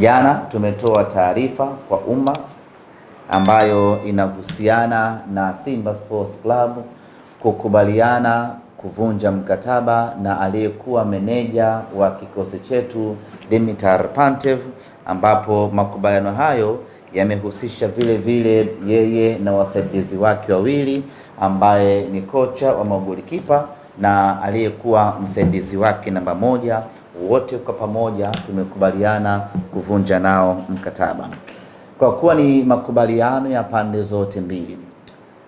Jana tumetoa taarifa kwa umma ambayo inahusiana na Simba Sports Club kukubaliana kuvunja mkataba na aliyekuwa meneja wa kikosi chetu Dimitar Pantev, ambapo makubaliano hayo yamehusisha vile vile yeye na wasaidizi wake wawili ambaye ni kocha wa magolikipa na aliyekuwa msaidizi wake namba moja wote kwa pamoja tumekubaliana kuvunja nao mkataba, kwa kuwa ni makubaliano ya pande zote mbili.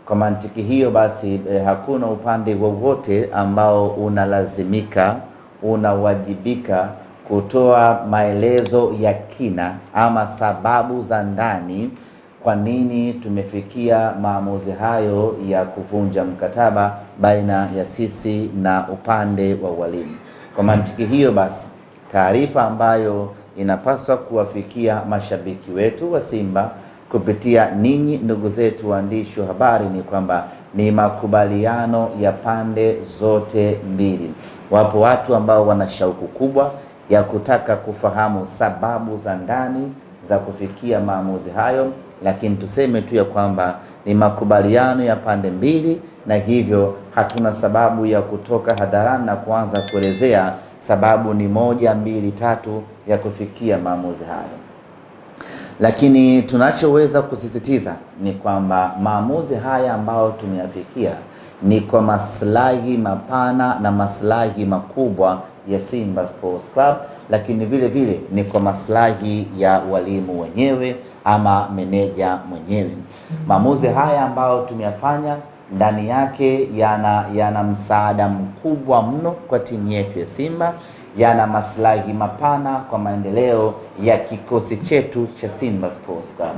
Kwa mantiki hiyo basi, eh, hakuna upande wowote ambao unalazimika, unawajibika kutoa maelezo ya kina ama sababu za ndani kwa nini tumefikia maamuzi hayo ya kuvunja mkataba baina ya sisi na upande wa walimu. Kwa mantiki hiyo basi, taarifa ambayo inapaswa kuwafikia mashabiki wetu wa Simba kupitia ninyi ndugu zetu waandishi wa habari ni kwamba ni makubaliano ya pande zote mbili. Wapo watu ambao wana shauku kubwa ya kutaka kufahamu sababu za ndani za kufikia maamuzi hayo, lakini tuseme tu ya kwamba ni makubaliano ya pande mbili, na hivyo hatuna sababu ya kutoka hadharani na kuanza kuelezea sababu ni moja, mbili, tatu ya kufikia maamuzi hayo. Lakini tunachoweza kusisitiza ni kwamba maamuzi haya ambayo tumeyafikia ni kwa maslahi mapana na maslahi makubwa ya Simba Sports Club, lakini vile vile ni kwa maslahi ya walimu wenyewe ama meneja mwenyewe. Maamuzi haya ambayo tumeyafanya ndani yake yana yana msaada mkubwa mno kwa timu yetu ya Simba yana maslahi mapana kwa maendeleo ya kikosi chetu cha Simba Sports Club.